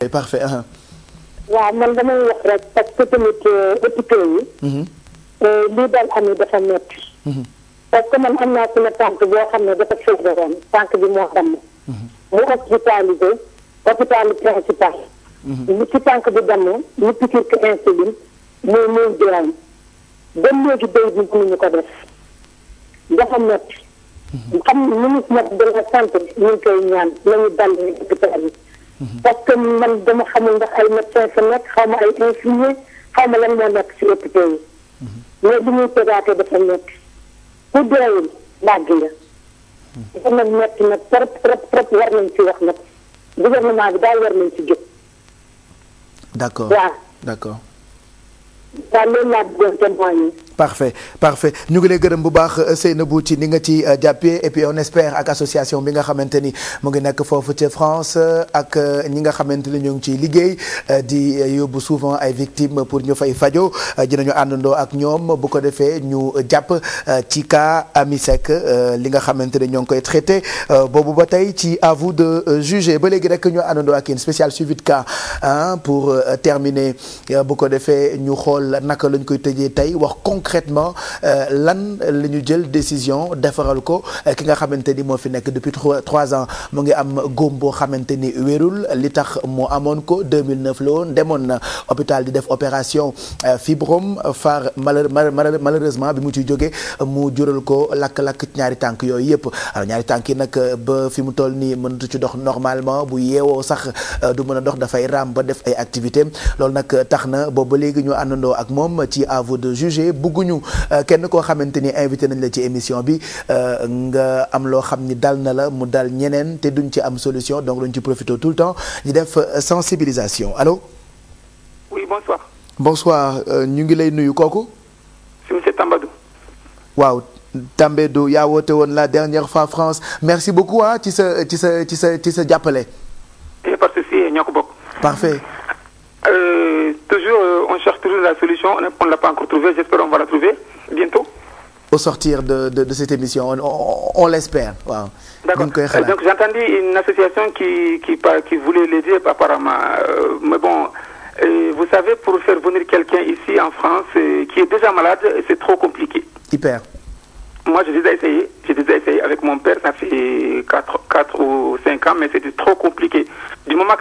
Eh, parfait ah. waaw man damay wax rek parce que tamit euh, hôpitaux yi. Mhm. Euh, lii daal am dafa métti. Mhm. parce que man am naa suma tànk boo xam ne dafa feebaroon tànk bi moo damm. Mhm. mu hospitalisé hôpital principal. li ci tànk bi damm mu piqûre que insuline muy muy jëlaat ba léegi béy ko def dafa métti. xam nga ministre de la santé ñu ngi koy ñaan nañu dal hôpital yi. parce que man dama xamul ndax ay médecin sa nekk xaw ma ay infirmier xaw ma lan moo nekk si hôpitaux yi mais bu ñuy tegaatee dafa métti ku deewul bàgg nga dafa nag métti nag trop trop trop war nañ ci wax nag gouvernement bi daal war nañ ci jóg d'accord waaw d'accord waaw loolu laa bëggoon témoigner parfait parfait ñu ngi lay gërëm bu baax euh, Seynabou ci ni nga ci euh, jàppee et puis on espère ak association bi nga xamante ni mu ngi nekk foofu ca France euh, ak ñi nga xamante ni ñoo ngi ciy liggéey di yóbbu souvent ay victimes pour ñu fay fajo dinañu àndandoo ak ñoom bu ko defee ñu jàpp ci cas Amy Seck li nga xamante ne ñoo ngi koy traité boobu ba tey ci à vous de juger ba léegi rek ñu àndandoo ak une spéciale suivi de cas pour terminer bu ko defee ñu xool naka lañ concrètement euh, lan la ñu jël décision defaral ko euh, ki nga xamante ni moo fi nekk depuis trois ans mu ngi am góom boo xamante ni wérul li tax moo amoon ko 2009 la woon demoon na hôpital di def opération euh, fibrome far malheureusement bi mu ciy jóge mu jural ko lakk-lakk ñaari tànk yooyu yëpp ñaari tànk yi nag ba fi mu toll nii mënatu ci dox normalement bu yeewoo sax du mën a dox dafay raam ba def ay activités loolu nag tax na boobu ba léegi ñu àndandoo ak moom ci à bëgguñu euh, kenn koo xamante ni invité nañ la ci émission bi euh, nga am loo xam ni dal na la mu dal ñeneen te duñ ci am solution donc duñ ci profité tout le temps ñu def euh, sensibilisation allo. oui bonsoir. bonsoir ñu ngi lay nuyu kooku. waaw. Tambédou yaa woote woon la dernière fois France merci beaucoup ah ci sa ci sa ci sa ci sa jàppale. Eh, parfait. toujours, euh, on cherche toujours la solution. On ne pas encore trouvée. J'espère qu'on va la trouver bientôt. au sortir de de de cette émission on on, on l'espère euh, donc j'ai une association qui qui par qui apparemment euh, mais vous savez pour faire venir quelqu'un ici en France euh, qui est déjà malade c'est trop compliqué. moi j'ai déjà essayé avec mon père ça fait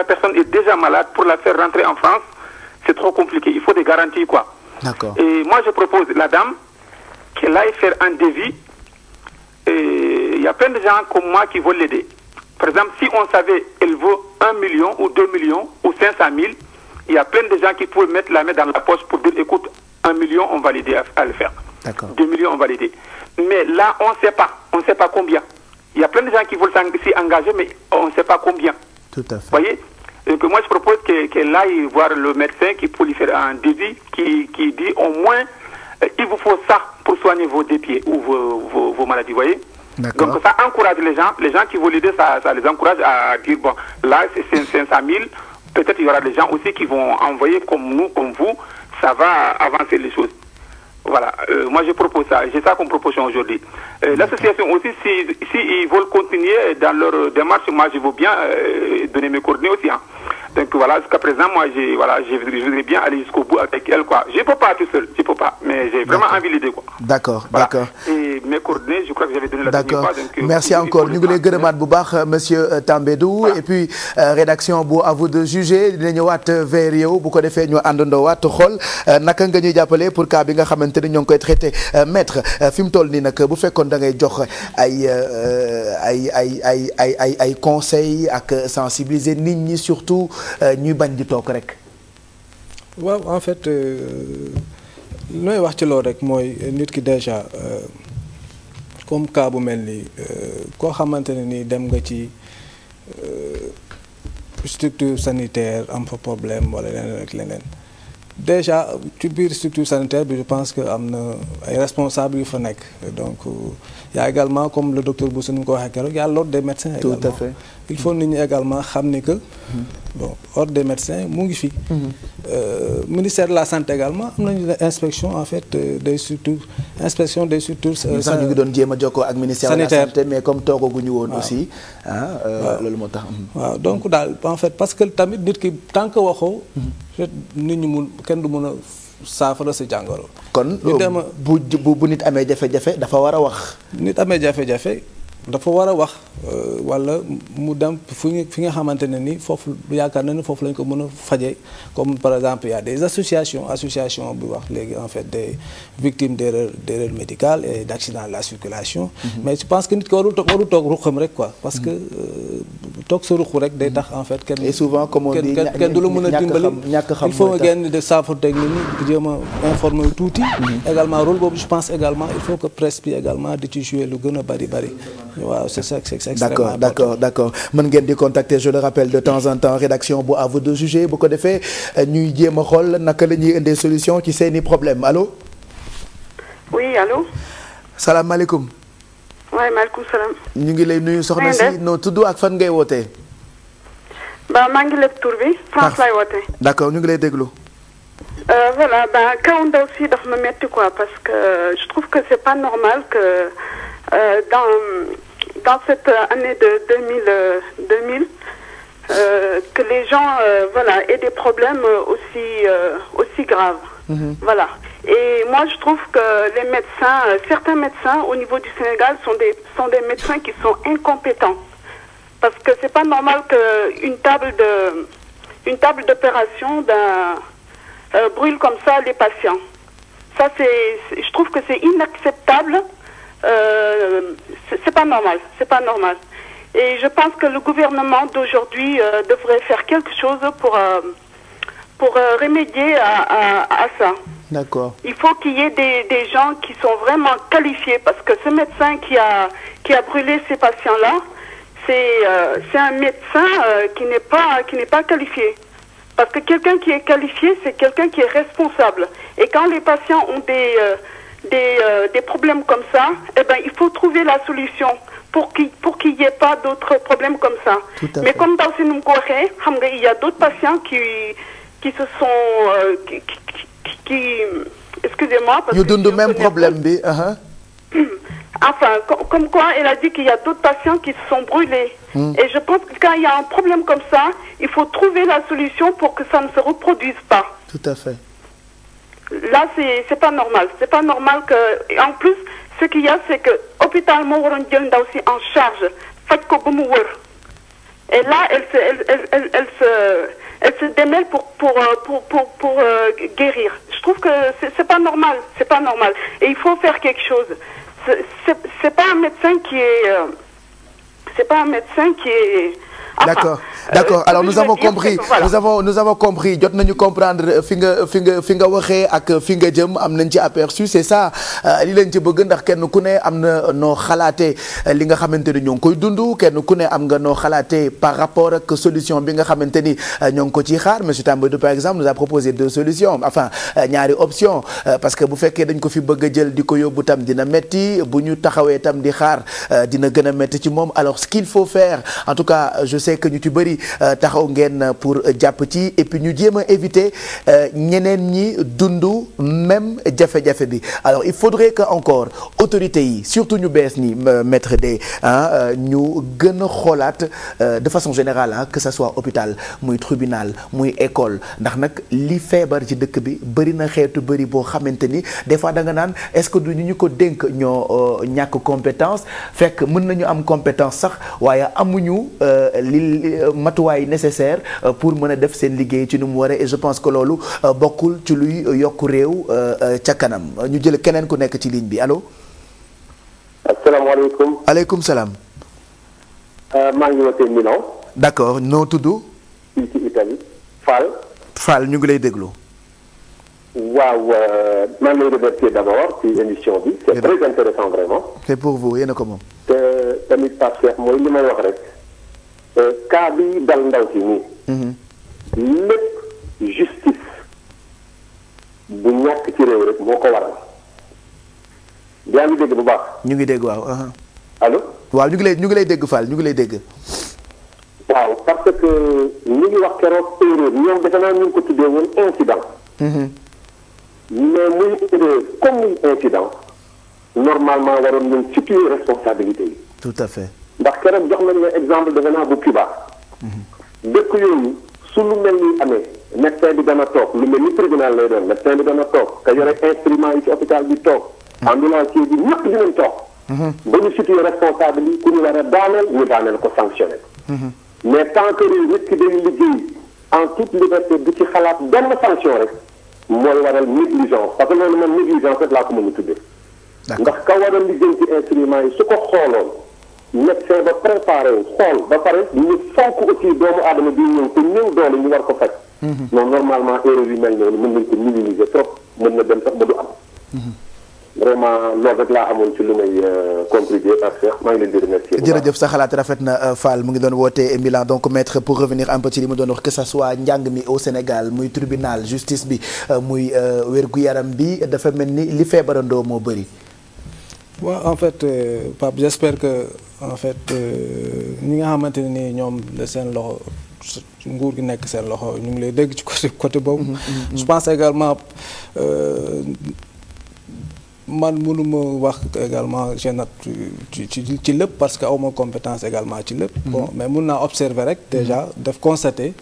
la personne est déjà malade pour la faire rentrer en France. c'est trop compliqué. Il faut des garanties, quoi. D'accord. Et moi, je propose la dame qu'elle aille faire un devis. Il y a plein de gens comme moi qui veulent l'aider. Par exemple, si on savait elle vaut 1 million ou 2 millions ou 500 000, il y a plein de gens qui pouvaient mettre la main dans la poche pour dire écoute, million, on va l'aider à, à, le faire. on va l'aider. Mais là, on ne sait pas. On ne sait pas combien. Il y a plein de gens qui veulent s'y engager, mais on sait pas combien. que moi je propose qu'elle que aille voir le médecin qui pour lui faire un di qui, au moins euh, il vous faut ça pour soigner vos dépieds ou vos, vos, vos maladies, voyez donc ça encourage les gens, les gens qui vont l'aider, ça, ça, les encourage à dire, bon, là c'est 500 000, peut-être il y aura des gens aussi qui vont envoyer comme nous, comme vous, ça va avancer les choses. Voilà, euh, moi je propose ça, j'ai ça comme proposition aujourd'hui. Euh, l'association aussi, si, si, ils veulent continuer dans leur démarche, moi je veux bien euh, donner mes coordonnées aussi. Donc voilà, présent, moi, voilà, je voudrais bien aller jusqu'au bout avec elle, quoi. Je peux tout seul, je peux pas, je crois que j'avais donné la dernière euh, Merci encore. ñu ngi lay gërëmaat bu baax euh, monsieur euh, Tambédou. et puis rédaction bu à vous de juger dina ñëwaat vers yow bu ko defee ñu àndandoo waat xool naka nga ñuy jàppale pour cas bi nga xamante ni ñoo ngi koy traité maître fi mu toll nii nag bu fekkoon da jox ay ay ay ay ay ay ay conseils ak sensibiliser nit ñi surtout. Euh, ñuy bañ di toog rek. waaw en fait nooy euh, wax ci lool rek mooy nit ki déjà euh, comme cas bu mel nii koo xamante ne nii dem nga ci structure sanitaire am fa problème wala leneen ak leneen. déjà ci biir structure sanitaire bi je pense que am na ay responsables yu fa nekk donc y a également comme le docteur Bousso ni mu ko waxee keroog y a l'ordre des médecins. tout à il faut nit ñi également xam ni que. bon ordre des médecins mu ngi fii mhm. euh, ministère de la santé également am nañu inspection en fait euh, des surtout inspection des surtout sa sax ñu ngi doon jéem a jokkoo ak ministère de la santé mais comme toogaguñu woon. aussi ah euh, loolu moo tax. Mhm. waaw donc daal en fait parce que tamit nit ki tant que waxoo. Mhm. nit ñu mun kenn du mun a saafara sa jàngoro. kon bu bu nit amee jafe-jafe dafa war a wax. nit amee jafe-jafe. dafa war a wax euh, wala mu dem fu ñu fi nga xamante ne ni foofu yaakaar na ni foofu lañ ko mën a faje comme par exemple il des associations association bi wax léegi en fait des victimes d'erreur d'erreur médicale et d'accident de la circulation mhm. mais je pense que nit ki warul toog warul rek quoi parce mhm. que euh, toog sa ruq rek day tax mhm. en fait kenn et souvent comme on dit kenn du la mën a dimbali il faut nga génn de saafonteeg nit ñi di jéem informer tuuti également rôle boobu je pense également il faut que presse bi également lu gën a bari bari waaw c'est ça c'est extrêmement important d'accord d'accord mën ngeen di contacter je le rappelle de temps en temps rédaction bu à vous de juger bu ko defee ñuy jéem a xool naka la ñuy indee solution ci seeni problème allo. oui allo. salaamaaleykum. waaye maaleykum salaam. ñu ngi lay nuyu soxna si noo tudd ak fan ngay wootee. ba maa ngi lépp tur bi France lay wootee. d'accord ñu ngi lay déglu. Euh, voilà ba kaw ndaw si daf ma metti quoi parce que euh, je trouve que c'est pas normal que euh, dans. dans cette euh, année de 2000, 2000 euh, euh, que les gens euh, voilà, aient des problèmes euh, aussi, euh, aussi graves. Mmh. Voilà. Et moi, je trouve que les médecins, certains médecins au niveau du Sénégal sont des, sont des médecins qui sont incompétents. Parce que c'est pas normal qu'une table de, une table d'opération brûle comme ça les patients. Ça, c'est, je trouve que c'est inacceptable euh, c'est pas normal, c'est pas normal. Et je pense que le gouvernement d'aujourd'hui euh, devrait faire quelque chose pour euh, pour euh, remédier à, à, à ça. D'accord. Il faut qu'il y ait des, des gens qui sont vraiment qualifiés parce que ce médecin qui a qui a brûlé ces patients là, c'est euh, c'est un médecin euh, qui n'est pas qui n'est pas qualifié. Parce que quelqu'un qui est qualifié, c'est quelqu'un qui est responsable. Et quand les patients ont des des, euh, des problèmes comme ça, eh il faut trouver la solution pour qu'il pour qu'il n'y ait pas d'autres problèmes comme ça. Mais comme dans ce il y a d'autres patients qui, qui se sont... Euh, qui, qui, qui excusez-moi. Ils donnent le même problème. B. uh uh-huh. Enfin, comme quoi, elle a dit qu'il y a d'autres patients qui se sont brûlés. Hmm. Et je pense que quand il y a un problème comme ça, il faut trouver la solution pour que ça ne se reproduise pas. là c'est c'est pas normal c'est pas normal que en plus ce qu'il y a c'est que hôpital moo waroon si en charge faj ko ba mu wër et là elle se démêle pour pour euh, pour pour pour euh, guérir je trouve que c'est pas normal c'est pas normal et il faut faire quelque chose c'est c'est, c'est pas un médecin qui est euh, c'est pas un médecin qui est d'accord d'accord alors nous avons compris nous avons nous avons jot nañu comprendre fi nga fi nga fi nga waxee ak fi nga jëm am nañ ci aperçu c'est ça euh, li lañ ci bëgg ndax kenn ku ne am na noo xalaatee euh, li nga xamante ni ñoo ngi koy dund kenn ku ne am nga noo xalaatee par rapport ak solution bi nga xamante ni euh, ñoo ngi ko ciy xaar monsieur Tambadou par exemple nous a proposé deux solutions enfin ñaari options parce que bu fekkee dañ ko fi bëgg a jël di ko yóbbu tam dina metti bu ñu taxawee tam di xaar dina gën a metti ci moom alors ce qu'il faut sais que ñu ci bëri euh, taxaw ngeen euh, pour euh, jàpp ci et puis ñu jéem a éviter ñeneen ñi dund même jafe-jafe bi alors il faudrait que encore autorités yi surtout ñu bees ni maître de ah ñu gën a xoolaat de façon générale ah que ce soit hôpital muy tribunal muy école ndax nag li feebar ci dëkk bi bëri na xeetu bëri boo xamante ni des fois da nga naan est-ce que du ñu ko dénk ñoo ñàkk compétence fekk mën nañu am compétence sax waaye amuñu li Euh, matuwaay nécessaire euh, pour mën a def seen liggéey ci nu mu waree et je pense que loolu euh, bokkul ci luy yokk réew ca kanam ñu jël keneen ku nekk ci ligne bi allo. asalaamaaleykum. aleykum salaam. maa ngi wootee Milan. d'accord noo tudd. fii ci ñu ngi lay déglu. waaw maa ngi lay remercier d'abord ci émission bi. c'est eh très intéressant vraiment. c'est pour vous yéen ko moom. te tamit Pape Cheikh mooy li may wax rek. Euh, cas bi dal ndaw si nii. Mhm. lépp justice bu ñàkk ci réew rek moo ko waral. yaa ngi dégg bu baax. ñu ngi dégg waaw. Uh-huh. allo. waaw ñu ngi lay ñu ngi lay dégg Fall ñu ngi lay dégg. waaw parce que ñu ngi wax keroog erreur ñoom defe naa ñu ngi ko tuddee woon incident. Mhm. mais muy erreur comme muy incident normalement waroon nañ situer responsabilité yi. tout à fait. ndax keroog jox nañ la exemple defe naa bu Cuba. dëkk yooyu su lu mel ni amee médecin bi dana toog lu mel ni tribunal lay doon médecin bi dana toog ka yore instrument yi ci hôpital bi toog. ambulancier bi ñëpp dinañ toog. Mhm. ba ñu situé responsable yi ku ñu war a daaneel ñu daaneel ko sanctionné. Mhm. mais tant que réew nit ki day liggéey en toute liberté du ci xalaat benn sanction rek mooy waral négligence parce que loolu man négligence rek laa ko mën a tuddee. ndax ka war a liggéey ci instrument su ko xooloon. médecin ba préparé wu xool ba pare ñu fonk aussi doomu aadama bi ñëw te ñëw doole ñu war ko faj. Mhm. non normalement erreur yu mel noonu mën nañ ko minimiser trop mën na dem sax ba du am. Mhm. vraiment loolu rek laa amoon ci lu may euh, contribuer parce que maa ngi leen di sa xalaat rafet na euh, Fall mu ngi doon woote Milan donc maître pour revenir un peu ci li mu doon wax que sa soit njàng mi au Sénégal muy tribinal justice bi euh, muy wér-gu-yaram bi dafa mel ni li feebarandoo moo bëri. waaw en fait Pape j'espère que. en fait euh, ñi nga xamante ne nii ñoom la seen loxo nguur gi nekk seen loxo ñu ngi lay dégg ci côté côté boobu. Mm-hmm, mm-hmm. je pense également euh, man mënuma wax également gñnat ci ci ci lépp parce que awma compétence également ci lépp. Mm-hmm. bon mais mun naa observer rek déjà def constater.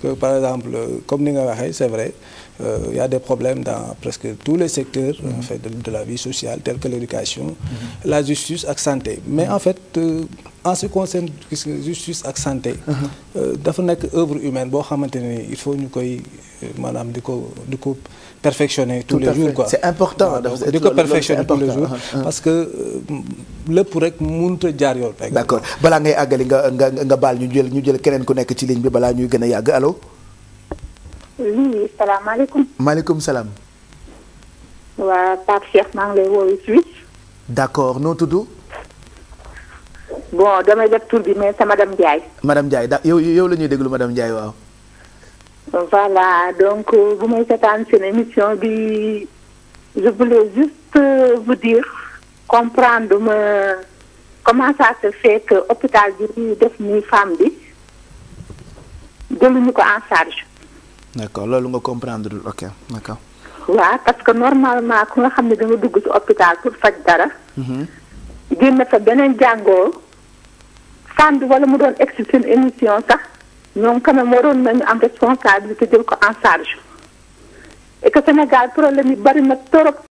que par exemple comme ni nga waxee c'est vrai. il euh, y des problèmes dans presque tous les secteurs en fait, de, la vie sociale, tels que l'éducation, mhm. la justice ak santé. Mais en fait, euh, en ce qui concerne justice ak santé mhm. euh, dafa nekk œuvre humaine boo xamante ne il faut ñu koy maanaam di ko di ko perfectionner tous les jours quoi c'est important di ko perfectionner tous les jours ah, ah. parce que lépp rek mënut a jaar yoon d'accord balaa ngay àggali nga nga nga baal ñu jël ñu jël keneen ku nekk ci ligne bi balaa ñuy gën a yàgg allo oui salaamaaleykum. maaleykum salaam. waa Pape ngi lay woowee Suisse. d'accord noo tudd. bon damay def tur bi mais sa madame Ndiaye. madame Ndiaye da yow yow la ñuy déglu madame Ndiaye waaw. voilà donc euh, bu may seetaan seen émission bi je voulais juste euh, vous dire comprendre ma comment ça se hôpital bi ñuy def nii femme bi jëluñu ko en charge. d'accord loolu nga comprendre ok d'accord. waa parce que normalement ku nga xam ne danga dugg ci hôpital pour faj dara. Mhm. génn fa beneen jàngoo. fànn wala mu doon egsi seen émission sax ñoom quand même waroon nañu am responsabilité jël ko en charge et que problème yi bari na trop.